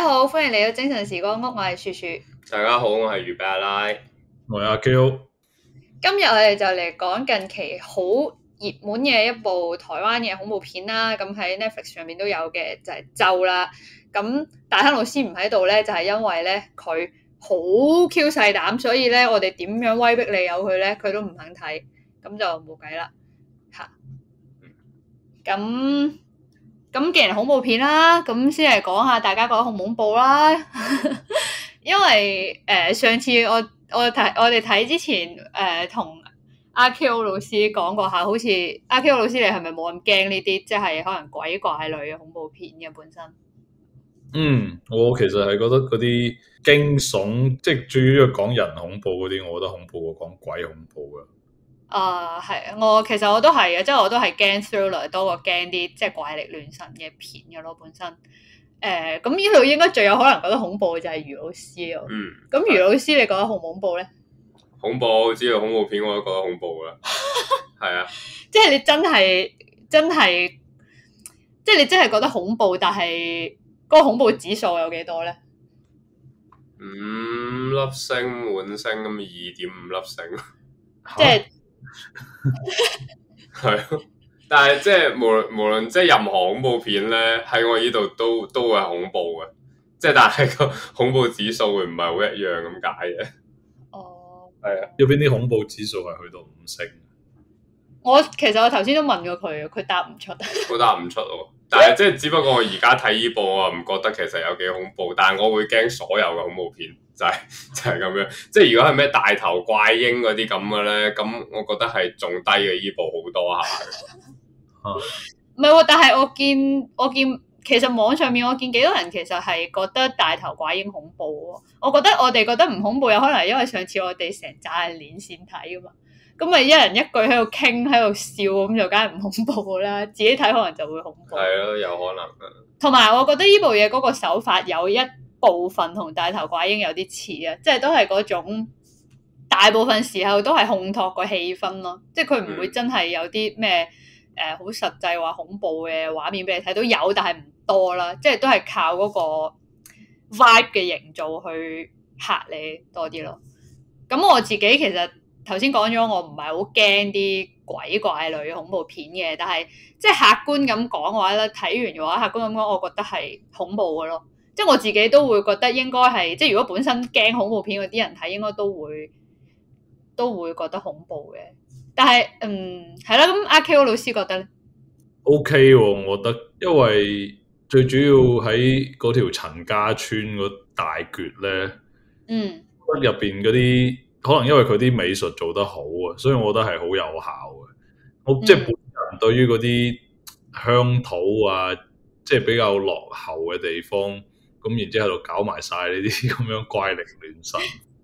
大家好，歡迎嚟到精神時光屋，我係雪雪。大家好，我係預備阿拉，我係阿 Q。今日我哋就嚟講近期好熱門嘅一部台灣嘅恐怖片啦，咁喺 Netflix 上面都有嘅就係、是《咒》啦。咁大坑老師唔喺度咧，就係、是、因為咧佢好 Q 細膽，所以咧我哋點樣威逼你有佢咧，佢都唔肯睇，咁就冇計啦吓。咁、啊。咁既然恐怖片啦，咁先嚟講下大家覺得恐唔恐怖啦。 因為誒、呃、上次我我睇我哋睇之前誒、呃、同阿 Q 老師講過下，好似阿 Q 老師你係咪冇咁驚呢啲即係可能鬼怪類嘅恐怖片嘅本身？嗯，我其實係覺得嗰啲驚悚，即係主要講人恐怖嗰啲，我覺得恐怖過講鬼恐怖嘅。啊，係、uh, 我其實我都係啊，即、就、係、是、我都係驚 thriller 多過驚啲即係怪力亂神嘅片嘅咯，本身。誒，咁呢度應該最有可能覺得恐怖嘅就係余老師咯。嗯。咁余老師你覺得恐唔恐怖咧？恐怖，我知道恐怖片我都覺得恐怖啦。係 啊。即係 你真係真係，即、就、係、是、你真係覺得恐怖，但係嗰個恐怖指數有幾多咧？五粒、嗯、星滿星咁，二點五粒星。 即係。係， 但係即係無論無論即係任何恐怖片咧，喺我呢度都都會恐怖嘅，即係但係個恐怖指數會唔係好一樣咁解嘅。哦，係啊的，有邊啲恐怖指數係去到五星？我其實我頭先都問過佢，佢答唔出。佢 答唔出哦、啊，但係即係只不過我而家睇依部我唔覺得其實有幾恐怖，但係我會驚所有嘅恐怖片。就係就係咁樣，即係如果係咩大頭怪嬰嗰啲咁嘅咧，咁我覺得係仲低嘅依部好多下。唔係，但係我見我見，其實網上面我見幾多人其實係覺得大頭怪嬰恐怖。我覺得我哋覺得唔恐怖，有可能係因為上次我哋成紮係連線睇啊嘛，咁咪一人一句喺度傾，喺度笑，咁就梗係唔恐怖啦。自己睇可能就會恐怖。係咯，有可能啊。同埋，我覺得依部嘢嗰個手法有一。部分同大頭怪嬰有啲似啊，即係都係嗰種大部分時候都係烘托個氣氛咯，即係佢唔會真係有啲咩誒好實際話恐怖嘅畫面俾你睇，都有，但係唔多啦，即係都係靠嗰個 vibe 嘅營造去嚇你多啲咯。咁我自己其實頭先講咗，我唔係好驚啲鬼怪類恐怖片嘅，但係即係客觀咁講嘅話咧，睇完嘅話，客觀咁講，我覺得係恐怖嘅咯。即係我自己都會覺得應該係，即係如果本身驚恐怖片嗰啲人睇，應該都會都會覺得恐怖嘅。但係，嗯，係啦，咁阿 Ko 老師覺得咧？OK，我覺得，因為最主要喺嗰條陳家村嗰大決咧，嗯，入邊嗰啲可能因為佢啲美術做得好啊，所以我覺得係好有效嘅。我即係本人對於嗰啲鄉土啊，嗯、即係比較落後嘅地方。咁然之後度搞埋晒呢啲咁樣怪力亂神、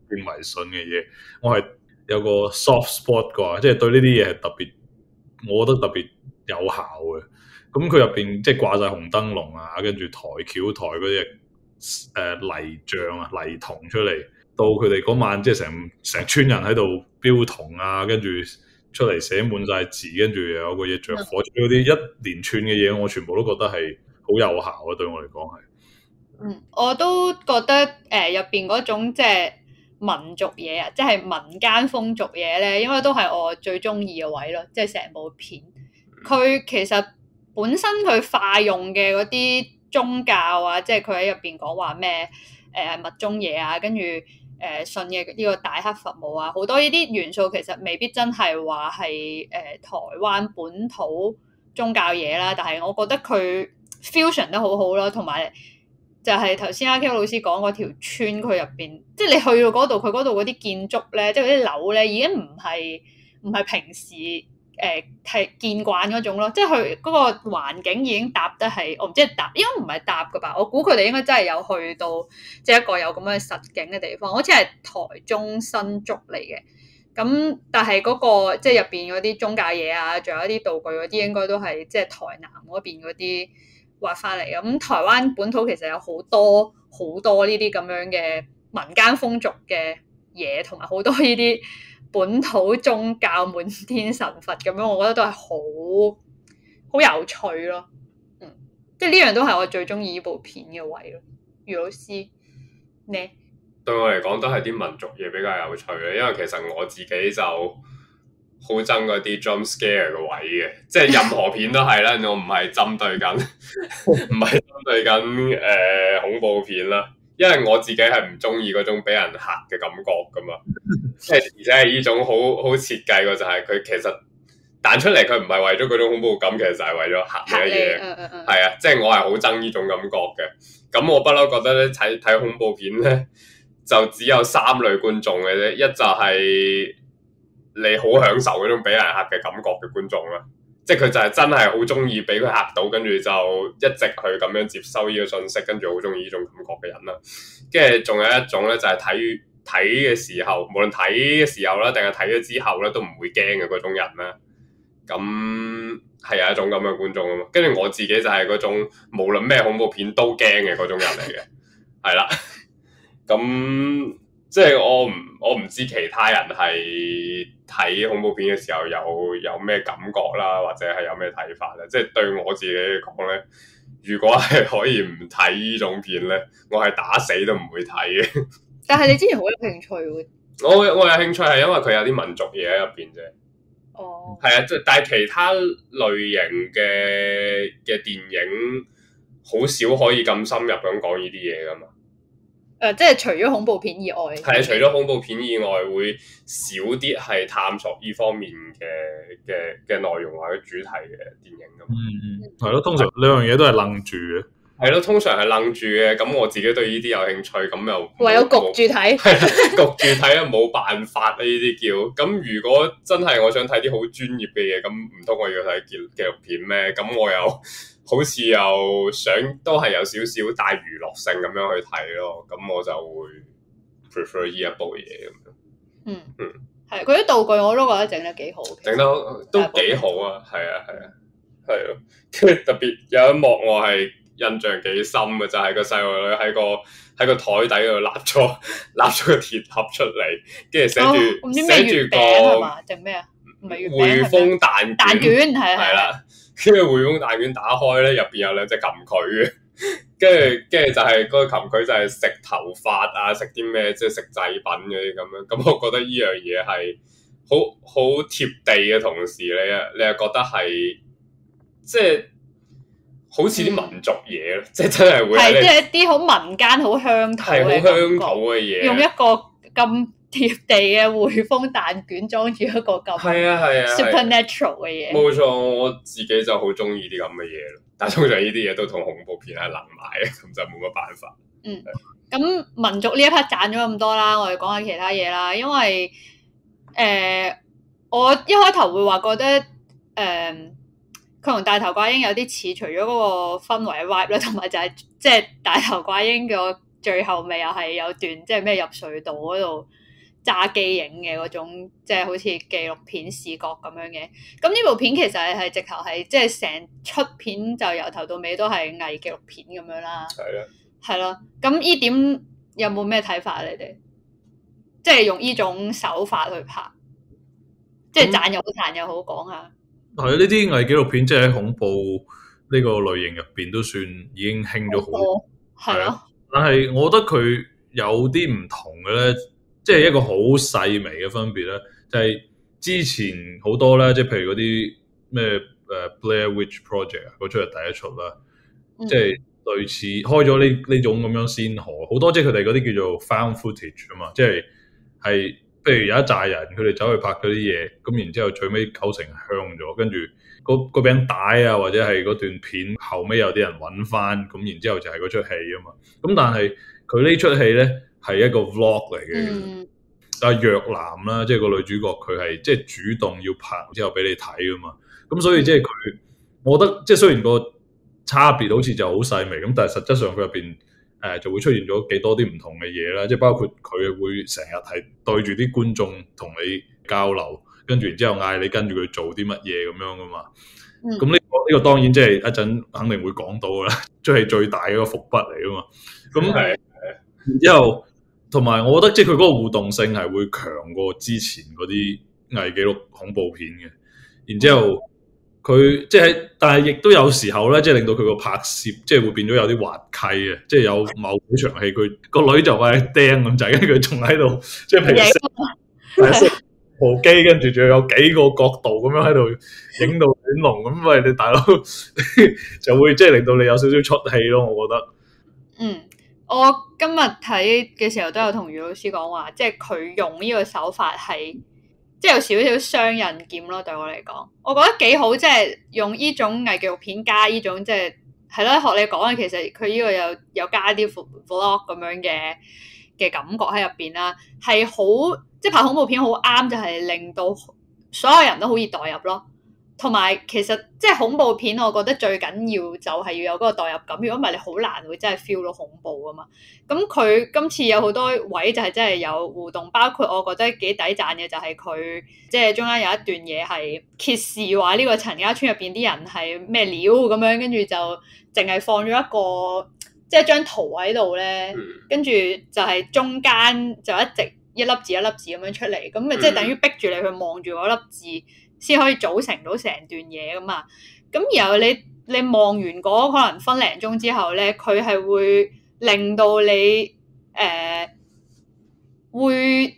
變迷信嘅嘢，我係有個 soft spot 㗎，即係對呢啲嘢係特別，我覺得特別有效嘅。咁佢入邊即係掛晒紅燈籠啊，跟住抬轎抬嗰啲誒泥像啊、泥童出嚟，到佢哋嗰晚即係成成村人喺度標童啊，跟住出嚟寫滿晒字，跟住又有個嘢著火，嗰啲一,一連串嘅嘢，我全部都覺得係好有效啊。對我嚟講係。嗯，我都覺得誒入邊嗰種即係民族嘢啊，即係民間風俗嘢咧，應該都係我最中意嘅位咯。即係成部片，佢其實本身佢化用嘅嗰啲宗教啊，即係佢喺入邊講話咩誒密宗嘢啊，跟住誒信嘅呢個大黑佛母啊，好多呢啲元素其實未必真係話係誒台灣本土宗教嘢啦，但係我覺得佢 fusion 得好好咯，同埋，就係頭先阿 k o 老師講嗰條村，佢入邊，即係你去到嗰度，佢嗰度嗰啲建築咧，即係嗰啲樓咧，已經唔係唔係平時誒睇、呃、見慣嗰種咯。即係佢嗰個環境已經搭得係，我唔知係搭應該唔係搭噶吧。我估佢哋應該真係有去到即係、就是、一個有咁嘅實景嘅地方，好似係台中新竹嚟嘅。咁但係嗰、那個即係入邊嗰啲中介嘢啊，仲有一啲道具嗰啲，應該都係即係台南嗰邊嗰啲。畫翻嚟咁，台灣本土其實有好多好多呢啲咁樣嘅民間風俗嘅嘢，同埋好多呢啲本土宗教滿天神佛咁樣，我覺得都係好好有趣咯。嗯，即係呢樣都係我最中意呢部片嘅位咯。余老師，你對我嚟講都係啲民族嘢比較有趣嘅，因為其實我自己就。好憎嗰啲 jump scare 嘅位嘅，即係任何片都係啦。 我唔係針對緊，唔係針對緊誒、呃、恐怖片啦。因為我自己係唔中意嗰種俾人嚇嘅感覺噶嘛。即係 而且係呢種好好設計嘅就係佢其實彈出嚟，佢唔係為咗嗰種恐怖感，其實就係為咗嚇嘅嘢。係啊，啊，啊，即係我係好憎呢種感覺嘅。咁我不嬲覺得咧睇睇恐怖片咧，就只有三類觀眾嘅啫。一就係、是。你好享受嗰種俾人嚇嘅感覺嘅觀眾啦，即係佢就係真係好中意俾佢嚇到，跟住就一直去咁樣接收呢個信息，跟住好中意呢種感覺嘅人啦。跟住仲有一種咧，就係睇睇嘅時候，無論睇嘅時候啦，定係睇咗之後咧，都唔會驚嘅嗰種人啦。咁係有一種咁嘅觀眾啊嘛。跟住我自己就係嗰種無論咩恐怖片都驚嘅嗰種人嚟嘅，係啦。 咁。即係我唔我唔知其他人係睇恐怖片嘅時候有有咩感覺啦，或者係有咩睇法咧。即係對我自己嚟講咧，如果係可以唔睇呢種片咧，我係打死都唔會睇嘅。但係你之前好有興趣喎 我我有興趣係因為佢有啲民族嘢喺入邊啫。哦、oh.。係啊，即係但係其他類型嘅嘅電影好少可以咁深入咁講呢啲嘢噶嘛。即係除咗恐怖片以外，係啊的，的除咗恐怖片以外，會少啲係探索呢方面嘅嘅嘅內容或者主題嘅電影咁。嗯嗯，係咯，通常兩樣嘢都係愣住嘅。係咯，通常係愣住嘅。咁我自己對呢啲有興趣，咁又唯有焗住睇，焗住睇啊，冇 辦法呢啲叫。咁如果真係我想睇啲好專業嘅嘢，咁唔通我要睇紀紀錄片咩？咁我又。好似又想都係有少少帶娛樂性咁樣去睇咯，咁我就會 prefer 呢一部嘢咁樣。嗯嗯，係佢啲道具我都覺得整得幾好，整得都幾好啊！係啊係啊，係啊、跟住特別有一幕我係印象幾深嘅，就係、是、個細路女喺個喺個台底度立咗立咗個鐵盒出嚟，跟住寫住寫住個定咩卷啊？匯豐蛋蛋卷，係啊係啦。跟住回風大卷打開咧，入邊有兩隻琴腿嘅，跟住跟住就係、是、嗰、那個琴腿就係食頭髮啊，食啲咩即係食祭品嗰啲咁樣。咁我覺得呢樣嘢係好好貼地嘅同時咧，你又覺得係即係好似啲民族嘢咯，嗯、即係真係會係即係一啲好民間好鄉土嘅，好鄉土嘅嘢，用一個咁。貼地嘅匯豐蛋卷裝住一個咁，係啊，係啊 supernatural 嘅嘢冇錯，我自己就好中意啲咁嘅嘢咯。但通常呢啲嘢都同恐怖片係能埋嘅，咁就冇乜辦法。啊、嗯，咁民族呢一 part 賺咗咁多啦，我哋講下其他嘢啦。因為誒、呃，我一開頭會話覺得誒，佢、呃、同大頭怪嬰有啲似，除咗嗰個氛圍嘅 rap 咧，同埋就係即係大頭怪嬰嘅最後咪又係有段即係咩入隧道嗰度。揸機影嘅嗰種，即係好似紀錄片視角咁樣嘅。咁呢部片其實係直頭係，即係成出片就由頭到尾都係偽紀錄片咁樣啦。係咯的，係咯。咁呢點有冇咩睇法、啊、你哋即係用呢種手法去拍，嗯、即係讚又，又好，彈又好，講下。係啊，呢啲偽紀錄片即係喺恐怖呢個類型入邊都算已經興咗好多。係啊，的但係我覺得佢有啲唔同嘅咧。即係一個好細微嘅分別啦。就係、是、之前好多咧，即係譬如嗰啲咩誒 Blair Witch Project 嗰出係第一出啦，嗯，即係類似開咗呢呢種咁樣先河，好多即係佢哋嗰啲叫做 found footage 啊嘛，即係係譬如有一紮人佢哋走去拍嗰啲嘢，咁然之後最尾九成香咗，跟住嗰嗰餅帶啊或者係嗰段片後尾有啲人揾翻，咁然之後就係嗰出戲啊嘛，咁但係佢呢出戲咧。係一個 vlog 嚟嘅，嗯、但啊若男啦，即、就、係、是、個女主角，佢係即係主動要拍之後俾你睇噶嘛，咁所以即係佢，我覺得即係、就是、雖然個差別好似就好細微咁，但係實質上佢入邊誒就會出現咗幾多啲唔同嘅嘢啦，即係包括佢會成日係對住啲觀眾同你交流，跟住然之後嗌你跟住佢做啲乜嘢咁樣噶嘛，咁呢、嗯這個呢、這個當然即係一陣肯定會講到噶啦，即係最大一個伏筆嚟噶嘛，咁係，嗯嗯嗯、之後。同埋，我覺得即係佢嗰個互動性係會強過之前嗰啲偽紀錄恐怖片嘅。然之後，佢即係，但係亦都有時候咧，即係令到佢個拍攝即係會變咗有啲滑稽嘅。即係有某幾場戲，佢個女就會釘咁滯，佢仲喺度即係平時無機，跟住仲有幾個角度咁樣喺度影到斷龍咁。餵你大佬 就會即係令到你有少少出氣咯，我覺得。嗯。我今日睇嘅時候都有同余老師講話，即係佢用呢個手法係，即係有少少雙刃劍咯。對我嚟講，我覺得幾好，即係用呢種偽紀錄片加呢種即係係咯，學你講嘅，其實佢呢個有有加啲 vlog 咁樣嘅嘅感覺喺入邊啦，係好即係拍恐怖片好啱，就係、是、令到所有人都好易代入咯。同埋，其實即係恐怖片，我覺得最緊要就係要有嗰個代入感。如果唔係，你好難會真係 feel 到恐怖啊嘛。咁佢今次有好多位就係真係有互動，包括我覺得幾抵讚嘅就係佢即係中間有一段嘢係揭示話呢個陳家村入邊啲人係咩料咁樣，跟住就淨係放咗一個即係張圖喺度咧，跟住就係中間就一直一粒字一粒字咁樣出嚟，咁咪即係等於逼住你去望住嗰粒字。先可以組成到成段嘢㗎嘛？咁然後你你望完嗰、那個、可能分零鐘之後咧，佢係會令到你誒、呃、會、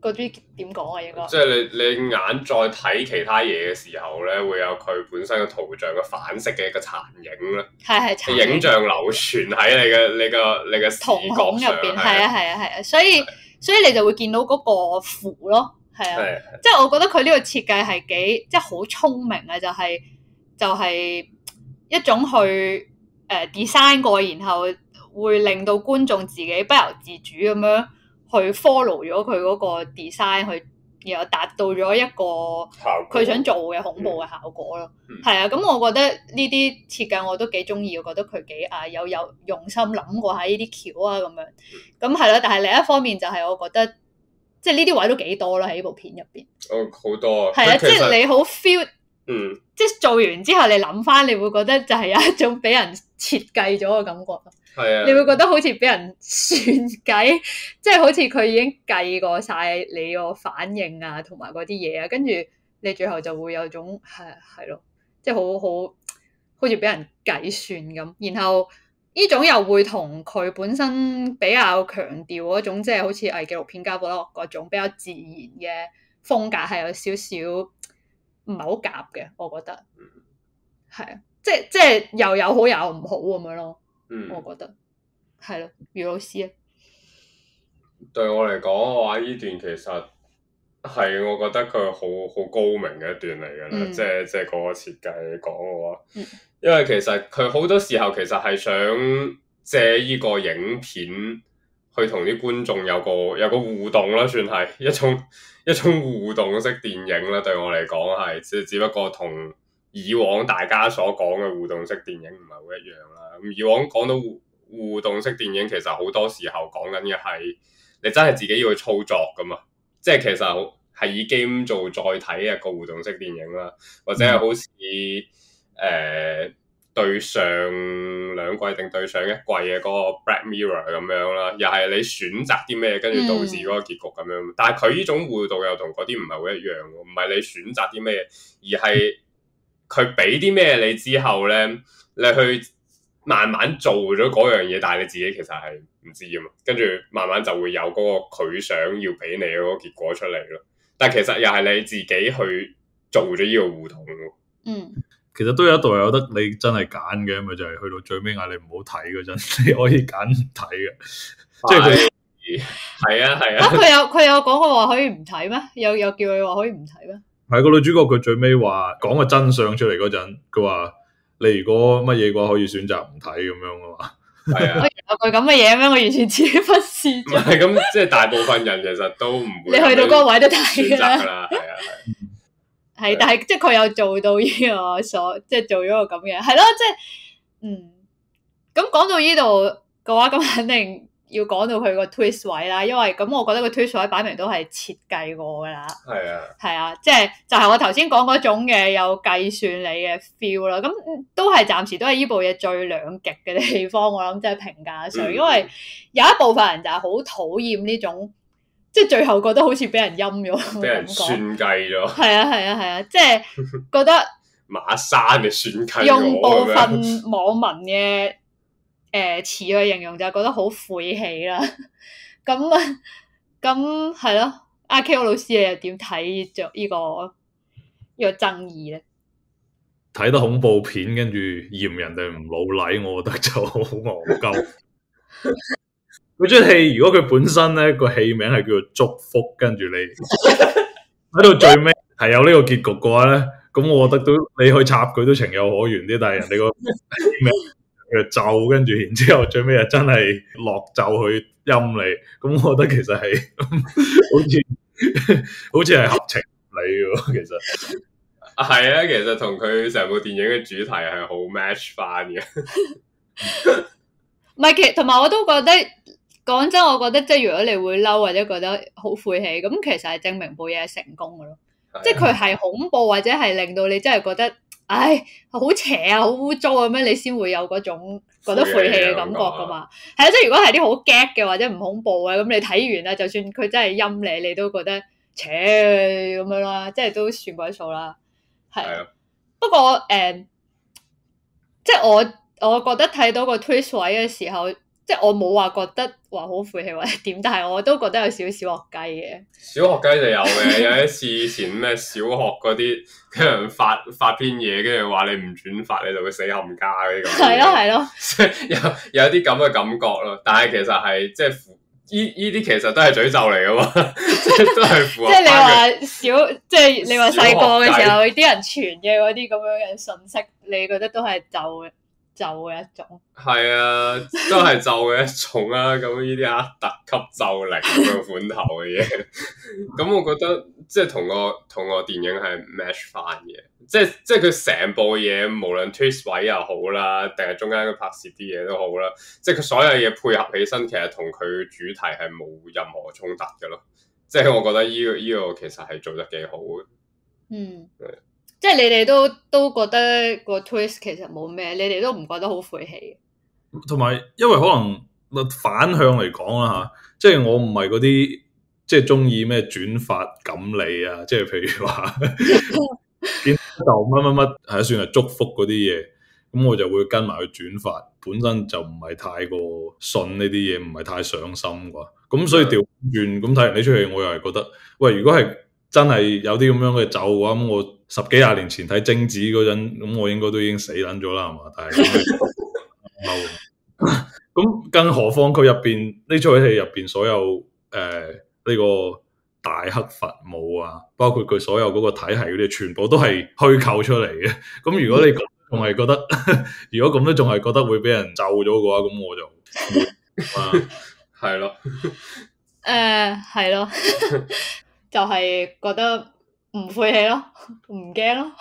這個啲點講啊？應該即係你你眼再睇其他嘢嘅時候咧，會有佢本身嘅圖像嘅反式嘅一個殘影啦。係係，影,影像流傳喺你嘅你個你個瞳孔入邊。係啊係啊係啊，所以所以你就會見到嗰個符咯。係啊，即係、就是、我覺得佢呢個設計係幾即係好聰明啊！就係、是、就係、是、一種去誒、呃、design 過，然後會令到觀眾自己不由自主咁樣去 follow 咗佢嗰個 design，去然後達到咗一個佢想做嘅恐怖嘅效果咯。係啊，咁、嗯嗯嗯、我覺得呢啲設計我都幾中意，我覺得佢幾啊有有用心諗過喺呢啲橋啊咁樣。咁係咯，但係另一方面就係我覺得。即係呢啲位都幾多啦，喺呢部片入邊，哦好多係啊，其實，即係你好 feel，嗯，即係做完之後你諗翻，你會覺得就係有一種俾人設計咗嘅感覺，係啊，你會覺得好似俾人算計，即係好似佢已經計過晒你個反應啊，同埋嗰啲嘢啊，跟住你最後就會有種係係咯，即係好好好似俾人計算咁，然後。呢種又會同佢本身比較強調嗰種，即係好似係紀錄片交播嗰種比較自然嘅風格，係有少少唔係好夾嘅，我覺得。係啊、嗯，即即又有好有唔好咁樣咯。嗯、我覺得係咯，余老師啊。對我嚟講嘅話，呢段其實係我覺得佢好好高明嘅一段嚟嘅啦，即即嗰個設計講嘅話。嗯因為其實佢好多時候其實係想借呢個影片去同啲觀眾有個有個互動啦，算係一種一種互動式電影啦。對我嚟講係，只不過同以往大家所講嘅互動式電影唔係好一樣啦。以往講到互，互動式電影，其實好多時候講緊嘅係你真係自己要去操作噶嘛，即係其實係以 game 做載體嘅個互動式電影啦，或者係好似、嗯。誒、呃、對上兩季定對上一季嘅嗰個 Black Mirror 咁樣啦，又係你選擇啲咩跟住導致嗰個結局咁樣，嗯、但係佢呢種互動又同嗰啲唔係好一樣喎，唔係你選擇啲咩，而係佢俾啲咩你之後咧，你去慢慢做咗嗰樣嘢，但係你自己其實係唔知吖嘛，跟住慢慢就會有嗰個佢想要俾你嗰個結果出嚟咯。但係其實又係你自己去做咗呢個互動，嗯。其實都有一度有得你真係揀嘅，咪就係、是、去到最尾嗌，你唔好睇嗰陣，你可以揀唔睇嘅。即係佢係啊係啊，佢、啊、 有佢有講過話可以唔睇咩？有又叫佢話可以唔睇咩？係、 啊嗰個女主角佢最尾話講個真相出嚟嗰陣，佢話你如果乜嘢嘅話，可以選擇唔睇咁樣噶嘛。係 啊， 有句咁嘅嘢咩？我完全自己不理。唔係咁，即係大部分人其實都唔會。 你去到嗰個位都睇啦。係 啊係。 係，但係即係佢有做到呢個所，即係做咗個咁嘅，係咯，即係，嗯，咁講到呢度嘅話，咁肯定要講到佢個 twist 位啦，因為咁我覺得個 twist 位擺明都係設計過噶啦，係啊，係啊，即係就係我頭先講嗰種嘅有計算你嘅 feel 啦，咁都係暫時都係呢部嘢最兩極嘅地方，我諗即係評價上，因為有一部分人就係好討厭呢種。即係最後覺得好似俾人陰咗，俾人算計咗。係 啊，係啊係啊，即係覺得馬生嘅算計，用部分網民嘅誒詞去形容就覺得好晦氣啦。咁、 嗯嗯、啊，咁係咯。阿 K O 老師你又點睇着呢個呢、這個爭議咧？睇得恐怖片，跟住嫌人哋唔老禮，我覺得就好戇鳩。 佢出戲，如果佢本身咧個戲名係叫做祝福，跟住你喺 到最尾係有呢個結局嘅話咧，咁我覺得都你去插佢都情有可原啲。但係人哋個名咒，跟住 然之後，後最尾又真係落咒去陰你，咁我覺得其實係 好似好似係合情理嘅。其實啊，係啊， 其實同佢成部電影嘅主題係好 match 翻嘅。唔係，其實同埋我都覺得。講真，我覺得即係如果你會嬲，或者覺得好晦氣，咁其實係證明部嘢係成功嘅咯。啊、即係佢係恐怖或者係令到你真係覺得，唉，好邪啊，好污糟咁樣，你先會有嗰種覺得晦氣嘅感覺噶嘛。係啊，即係如果係啲好 get 嘅或者唔恐怖嘅，咁你睇完啦，就算佢真係陰你，你都覺得，邪，咁樣啦，即係都算鬼數啦。係、啊，啊、不過誒、呃，即係我我覺得睇到個 twist 位嘅時候，即係我冇話覺得。話好晦氣或者點，但係我都覺得有少少小學雞嘅。小學雞就有嘅，有一次以前咩小學嗰啲，跟住 人發發篇嘢，跟住話你唔轉發，你就會死冚家呢個。係咯係咯，有有啲咁嘅感覺咯。但係其實係即係呢呢啲其實都係詛咒嚟噶嘛，都係 即係你話小，即係你話細個嘅時候啲人傳嘅嗰啲咁樣嘅信息，你覺得都係就。咒嘅一種，係啊，都係咒嘅一種啊。咁呢啲啊，特級咒力咁嘅款頭嘅嘢，咁 我覺得即係同個同個電影係 match 翻嘅，即係即係佢成部嘢，無論 twist 位又好啦，定係中間嘅拍攝啲嘢都好啦，即係佢所有嘢配合起身，其實同佢主題係冇任何衝突嘅咯。即係我覺得呢個呢個其實係做得幾好。嗯。即係你哋都都覺得個 twist 其實冇咩，你哋都唔覺得好晦氣。同埋，因為可能反向嚟講啊，吓，即係我唔係嗰啲即係中意咩轉發錦鯉啊，即係、啊、譬如話 見頭乜乜乜，係、啊、算係祝福嗰啲嘢，咁我就會跟埋去轉發。本身就唔係太過信呢啲嘢，唔係太上心啩。咁所以調轉，咁睇完呢出戲，我又係覺得，喂，如果係，真係有啲咁樣嘅咒嘅話，咁我十幾廿年前睇《貞子》嗰陣，咁我應該都已經死撚咗啦，係嘛？但係咁， 更何況佢入邊呢出戲入邊所有誒呢、呃呢個大黑佛母啊，包括佢所有嗰個體系嗰啲，全部都係虛構出嚟嘅。咁、 嗯、 如果你仲係覺得， 如果咁都仲係覺得會俾人咒咗嘅話，咁我就係咯，誒係咯。 就係覺得唔晦氣咯，唔 驚咯。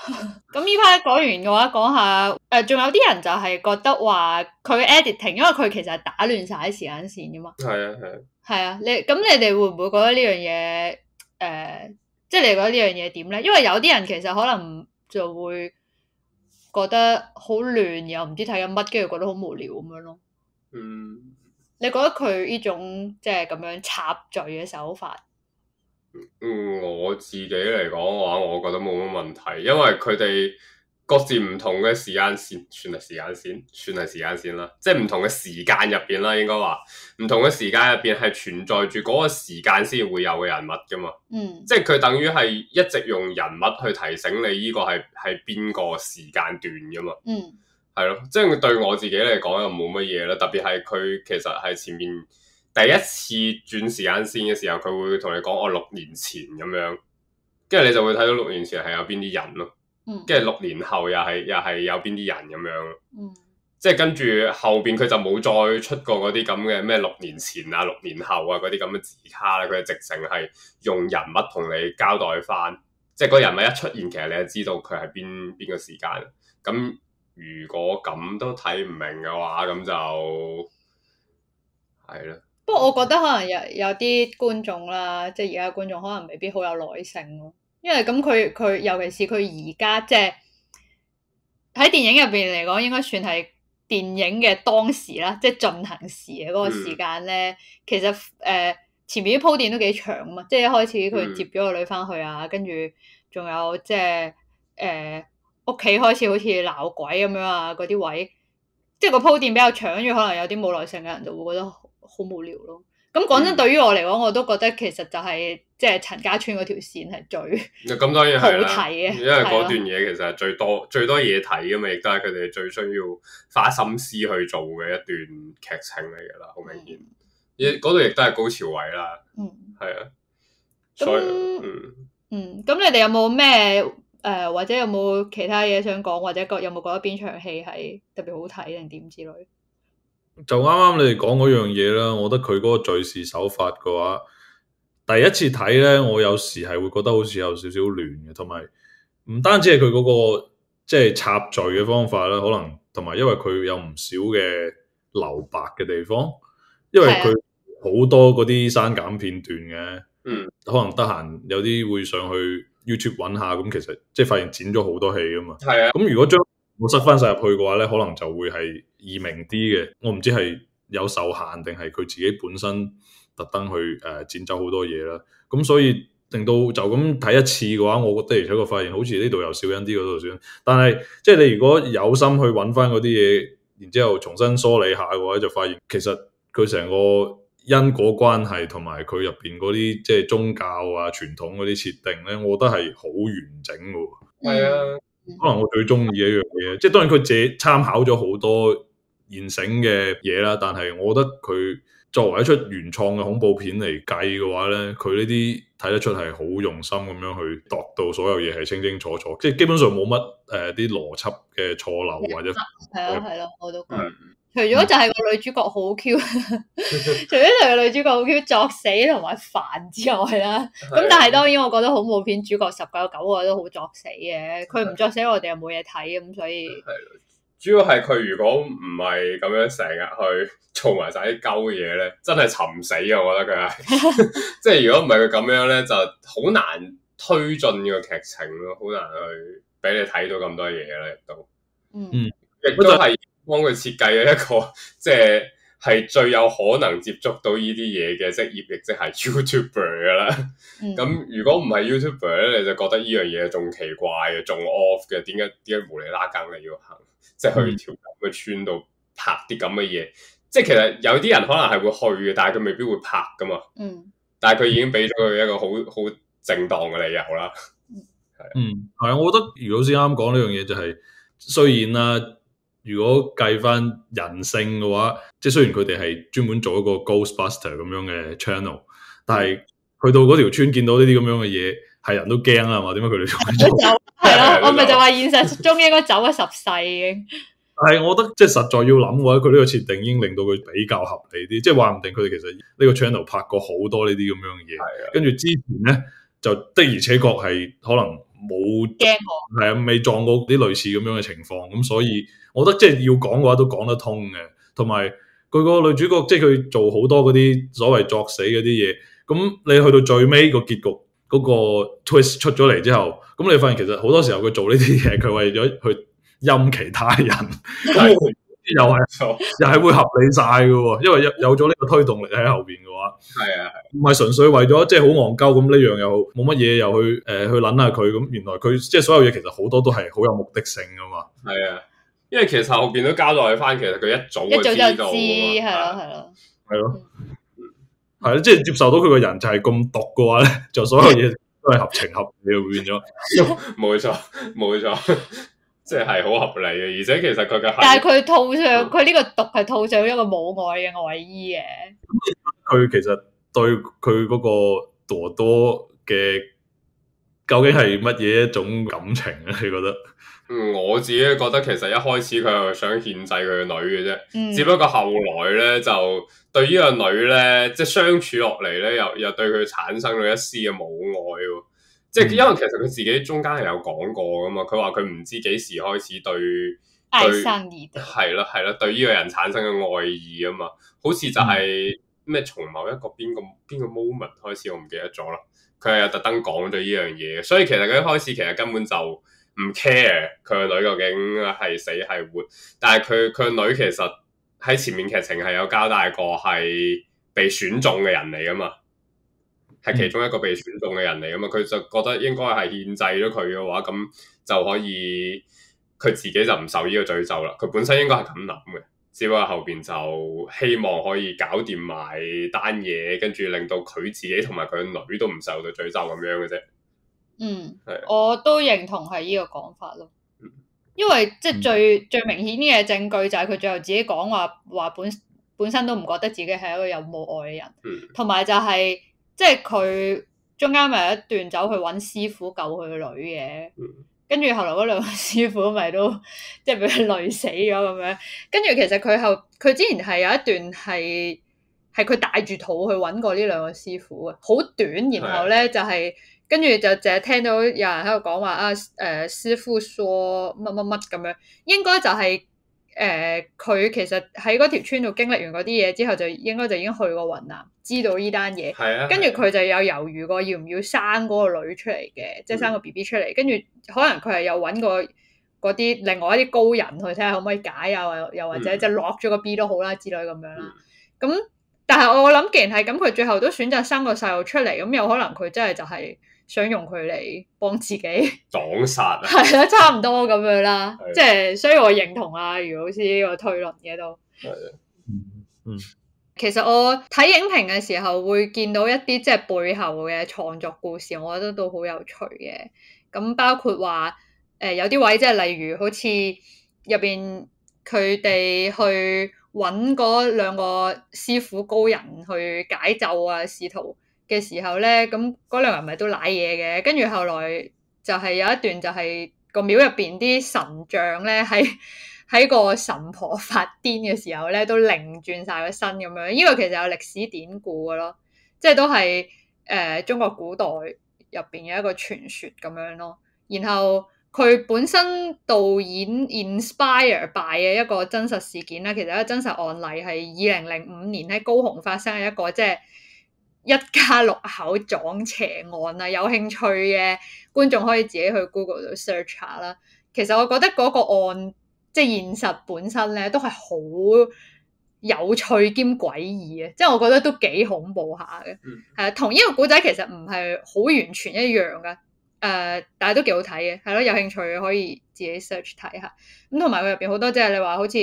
咁呢排 a 講完嘅話，講下誒，仲、呃、有啲人就係覺得話佢 editing，因為佢其實係打亂晒時間線噶嘛。係啊係啊。係啊，啊，你咁你哋會唔會覺得呢樣嘢？誒、呃，即係你哋覺得呢樣嘢點咧？因為有啲人其實可能就會覺得好亂又唔知睇緊乜，跟住覺得好無聊咁樣咯。嗯。你覺得佢呢種即係咁樣插序嘅手法？我自己嚟講嘅話，我覺得冇乜問題，因為佢哋各自唔同嘅時間線，算係時間線，算係時間線啦，即係唔同嘅時間入邊啦，應該話唔同嘅時間入邊係存在住嗰個時間先會有嘅人物噶嘛，嗯，即係佢等於係一直用人物去提醒你呢個係係邊個時間段噶嘛，嗯，係咯，即係對我自己嚟講又冇乜嘢啦，特別係佢其實係前面。第一次轉時間線嘅時候，佢會同你講我六年前咁樣，跟住你就會睇到六年前係有邊啲人咯，跟住六年後又係又係有邊啲人咁樣，即係跟住後邊佢就冇再出過嗰啲咁嘅咩六年前啊六年後啊嗰啲咁嘅字卡啦，佢直情係用人物同你交代翻，即係個人物一出現，其實你就知道佢係邊邊個時間。咁如果咁都睇唔明嘅話，咁就係咯。不過我覺得可能有有啲觀眾啦，即係而家嘅觀眾可能未必好有耐性咯。因為咁佢佢尤其是佢而家即係喺電影入邊嚟講，應該算係電影嘅當時啦，即係進行時嘅嗰個時間咧。嗯、其實誒、呃、前面啲鋪墊都幾長啊嘛，即係一開始佢接咗個女翻去啊，跟住仲有即係誒屋企開始好似鬧鬼咁樣啊，嗰啲位即係個鋪墊比較長，跟住可能有啲冇耐性嘅人就會覺得。好無聊咯，咁講真，嗯、對於我嚟講，我都覺得其實就係即係陳家村嗰條線係最、嗯當然係啊、好睇嘅，因為嗰段嘢其實係最多最多嘢睇噶嘛，亦都係佢哋最需要花心思去做嘅一段劇情嚟噶啦，好明顯。嗰度亦都係高潮位啦，係、嗯、啊。所以，咁嗯咁嗯，咁、嗯嗯、你哋有冇咩誒，或者有冇其他嘢想講，或者覺有冇覺得邊場戲係特別好睇定點之類？就啱啱你哋講嗰樣嘢啦，我覺得佢嗰個敘事手法嘅話，第一次睇咧，我有時係會覺得好似有少少亂嘅，同埋唔單止係佢嗰個即係插敘嘅方法啦，可能同埋因為佢有唔少嘅留白嘅地方，因為佢好多嗰啲刪減片段嘅，嗯、啊，可能得閒有啲會上去 YouTube 揾下，咁其實即係發現剪咗好多戲啊嘛，係啊，咁如果將。我塞翻晒入去嘅話咧，可能就會係易明啲嘅。我唔知係有受限定係佢自己本身特登去、呃、剪走好多嘢啦。咁所以令到就咁睇一次嘅話，我覺得而且我發現好似呢度又少咗啲，嗰度少。但係即係你如果有心去揾翻嗰啲嘢，然之後重新梳理一下嘅話，就發現其實佢成個因果關係同埋佢入邊嗰啲即係宗教啊傳統嗰啲設定咧，我覺得係好完整嘅。係啊。可能我最中意一樣嘢，即係當然佢自己參考咗好多現成嘅嘢啦，但係我覺得佢作為一出原創嘅恐怖片嚟計嘅話咧，佢呢啲睇得出係好用心咁樣去度到所有嘢係清清楚楚，即係基本上冇乜誒啲邏輯嘅錯漏或者係啊係咯，我都覺得。嗯除咗就係個女主角好 Q，除咗同個女主角好 Q 作死同埋煩之外啦，咁但係當然我覺得恐怖片主角十個有九個都好作死嘅，佢唔作死我哋又冇嘢睇咁，所以係主要係佢如果唔係咁樣成日去做埋晒啲鳩嘢咧，真係沉死啊！我覺得佢係， 即係如果唔係佢咁樣咧，就好難推進個劇情咯，好難去俾你睇到咁多嘢啦，亦都嗯，亦都係。幫佢設計嘅一個即係最有可能接觸到呢啲嘢嘅職業，亦即係 YouTuber 噶啦。咁如果唔係 YouTuber 咧，你就覺得呢樣嘢仲奇怪嘅，仲 off 嘅。點解點解無厘啦更，你要行，即係去條咁嘅村度拍啲咁嘅嘢？即係其實有啲人可能係會去嘅，但係佢未必會拍噶嘛。嗯，但係佢已經俾咗佢一個好好正當嘅理由啦。嗯，係嗯，係啊。我覺得余老師啱講呢樣嘢就係，雖然啊。如果計翻人性嘅話，即係雖然佢哋係專門做一個 Ghostbuster 咁樣嘅 channel，但係去到嗰條村見到呢啲咁樣嘅嘢，係人都驚喇嘛？點解佢哋走？係咯。我咪就話現實中應該走咗、啊、 十世嘅。但係我覺得即係實在要諗嘅話，佢呢個設定已經令到佢比較合理啲。即係話唔定佢哋其實呢個 channel 拍過好多呢啲咁樣嘅嘢，的跟住之前咧就的而且確係可能。冇驚過，係啊，未撞過啲類似咁樣嘅情況，咁所以我覺得即係要講嘅話都講得通嘅，同埋佢個女主角即係佢做好多嗰啲所謂作死嗰啲嘢，咁你去到最尾個結局嗰個 twist 出咗嚟之後，咁你發現其實好多時候佢做呢啲嘢，佢為咗去陰其他人。 又係，又係 會合理晒㗎，因為有有咗呢個推動力喺後邊嘅話，係啊，唔係、啊、純粹為咗即係好戇鳩咁呢樣又冇乜嘢又去誒、呃、去諗下佢咁，原來佢即係所有嘢其實好多都係好有目的性噶嘛。係啊，因為其實後邊都交代翻，其實佢一早一早就知，係咯係咯，係咯係咯，即係接受到佢個人就係咁毒嘅話咧， 就所有嘢都係合情合理變咗，冇錯冇錯。 沒錯笑即係好合理嘅，而且其實佢嘅但係佢套上佢呢、嗯、個毒係套上一個母愛嘅外衣嘅。佢其實對佢嗰個朵朵嘅究竟係乜嘢一種感情咧？啊？你覺得？我自己覺得其實一開始佢係想限制佢個女嘅啫，嗯、只不過後來咧就對呢個女咧即係相處落嚟咧，又又對佢產生咗一絲嘅母愛喎、哦。即係、嗯、因為其實佢自己中間係有講過噶嘛，佢話佢唔知幾時開始對愛上啦係啦對呢個人產生嘅愛意啊嘛，好似就係咩從某一個邊個邊個 moment 開始我唔記得咗啦，佢係有特登講咗呢樣嘢嘅，所以其實佢一開始其實根本就唔 care 佢個女究竟係死係活，但係佢佢個女其實喺前面劇情係有交代過係被選中嘅人嚟噶嘛。係其中一個被選中嘅人嚟㗎嘛，佢就覺得應該係限制咗佢嘅話，咁就可以佢自己就唔受呢個詛咒啦。佢本身應該係咁諗嘅，只不過後邊就希望可以搞掂埋單嘢，跟住令到佢自己同埋佢女都唔受到詛咒咁樣嘅啫。嗯，係是，我都認同係呢個講法咯。因為即係最、嗯、最明顯嘅證據就係佢最後自己講話話本本身都唔覺得自己係一個有母愛嘅人，同埋、嗯、就係、是。即係佢中間咪有一段走去揾師傅救佢個女嘅，跟住、嗯、後嚟嗰兩個師傅咪都即係俾佢累死咗咁樣。跟住其實佢後佢之前係有一段係係佢帶住肚去揾過呢兩個師傅嘅，好短。然後咧的就係跟住就淨係聽到有人喺度講話啊誒、呃、師傅説乜乜乜咁樣，應該就係、是。誒，佢、呃、其實喺嗰條村度經歷完嗰啲嘢之後，就應該就已經去過雲南，知道呢單嘢。係啊，跟住佢就有猶豫過要唔要生嗰個女出嚟嘅，即係、啊、生個 B B 出嚟。跟住可能佢係有揾過嗰啲另外一啲高人去睇下可唔可以解啊，又或者即係落咗個 B 都好啦之類咁樣啦。咁、啊、但係我諗，既然係咁，佢最後都選擇生個細路出嚟，咁有可能佢真係就係、是。想用佢嚟幫自己擋 殺啊，係咯，差唔多咁樣啦，的即係所以我認同阿余老師呢個推論嘅都。係啊的、嗯，嗯，其實我睇影評嘅時候會見到一啲即係背後嘅創作故事，我覺得都好有趣嘅。咁包括話誒、呃、有啲位，即係例如好似入邊佢哋去揾嗰兩個師傅高人去解咒啊，試圖。嘅時候咧，咁嗰兩人咪都瀨嘢嘅，跟住後來就係有一段就係個廟入邊啲神像咧，喺喺個神婆發癲嘅時候咧，都擰轉晒個身咁樣。呢個其實有歷史典故嘅咯，即係都係誒、呃、中國古代入邊嘅一個傳說咁樣咯。然後佢本身導演 inspire by 嘅一個真實事件咧，其實一個真實案例係二零零五年喺高雄發生嘅一個即係。一家六口撞邪案啊！有興趣嘅觀眾可以自己去 Google 度 search 下啦。其實我覺得嗰個案即係現實本身咧，都係好有趣兼詭異嘅，即係我覺得都幾恐怖下嘅。係啊、嗯，同呢個古仔其實唔係好完全一樣㗎。誒，uh, 但係都幾好睇嘅，係咯，有興趣可以自己 search 睇下。咁同埋佢入邊好多即係你話好似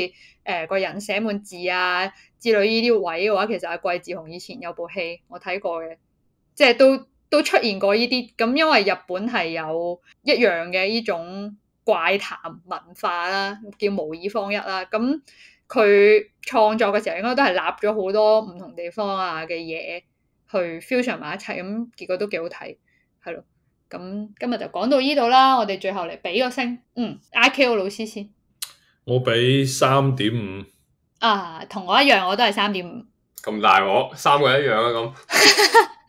誒個人寫滿字啊之類呢啲位嘅話，其實阿季志雄以前有部戲我睇過嘅，即係都都出現過呢啲。咁因為日本係有一樣嘅呢種怪談文化啦，叫模擬方一啦。咁佢創作嘅時候應該都係立咗好多唔同地方啊嘅嘢去 fusion 埋一齊，咁結果都幾好睇，係咯。咁今日就講到呢度啦，我哋最後嚟俾個星，嗯，I Q 老師先，我俾三點五，啊，同我一樣，我都係三點五，咁大我三個一樣啊，咁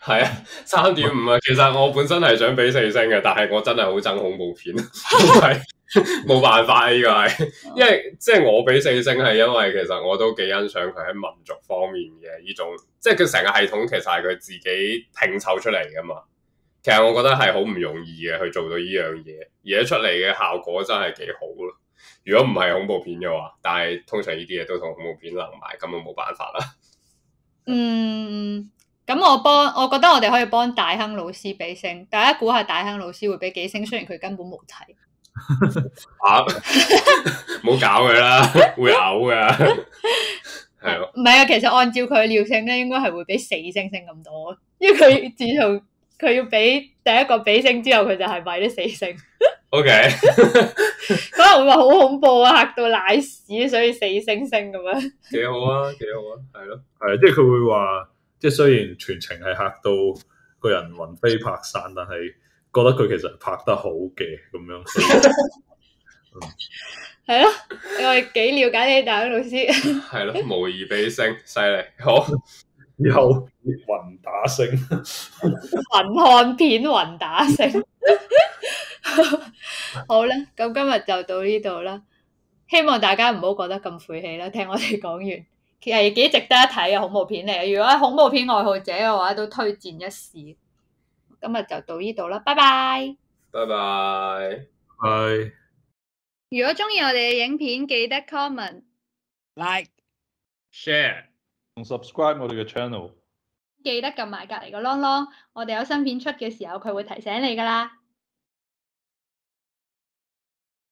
係 啊，三點五啊，其實我本身係想俾四星嘅，但係我真係好憎恐怖片，冇 辦法呢、啊這個係，因為即係、就是、我俾四星係因為其實我都幾欣賞佢喺民族方面嘅呢種，即係佢成個系統其實係佢自己拼湊出嚟噶嘛。其實我覺得係好唔容易嘅，去做到呢樣嘢，而且出嚟嘅效果真係幾好咯。如果唔係恐怖片嘅話，但係通常呢啲嘢都同恐怖片能埋，咁就冇辦法啦。嗯，咁我幫，我覺得我哋可以幫大亨老師俾星。大家估下大亨老師會俾幾星？雖然佢根本冇睇。 啊！唔好 搞佢啦，會嘔嘅。係咯。唔係啊，其實按照佢尿性咧，應該係會俾四星星咁多，因為佢自從。 佢要俾第一個俾星之後，佢就係買啲死星。 o Okay . K， 可能會話好恐怖啊，嚇到瀨屎，所以死星星咁樣。幾 好啊，幾好啊，係咯，係啊，即係佢會話，即係雖然全程係嚇到個人魂飛魄散，但係覺得佢其實拍得好嘅咁樣。係咯， 我哋幾了解你，大英老師。係 咯，無疑俾星，犀利，好。又云打醒，云 漢片云打醒， 好啦，咁今日就到呢度啦。希望大家唔好覺得咁晦氣啦，聽我哋講完，其實幾值得一睇嘅恐怖片嚟。如果恐怖片愛好者嘅話，都推薦一試。今日就到呢度啦，拜拜，拜拜 bye，係。Bye. 如果中意我哋嘅影片，記得 comment、like、share。subscribe 我哋嘅 channel，記得撳埋隔籬個鈴鈴，我哋有新片出嘅時候，佢會提醒你㗎啦。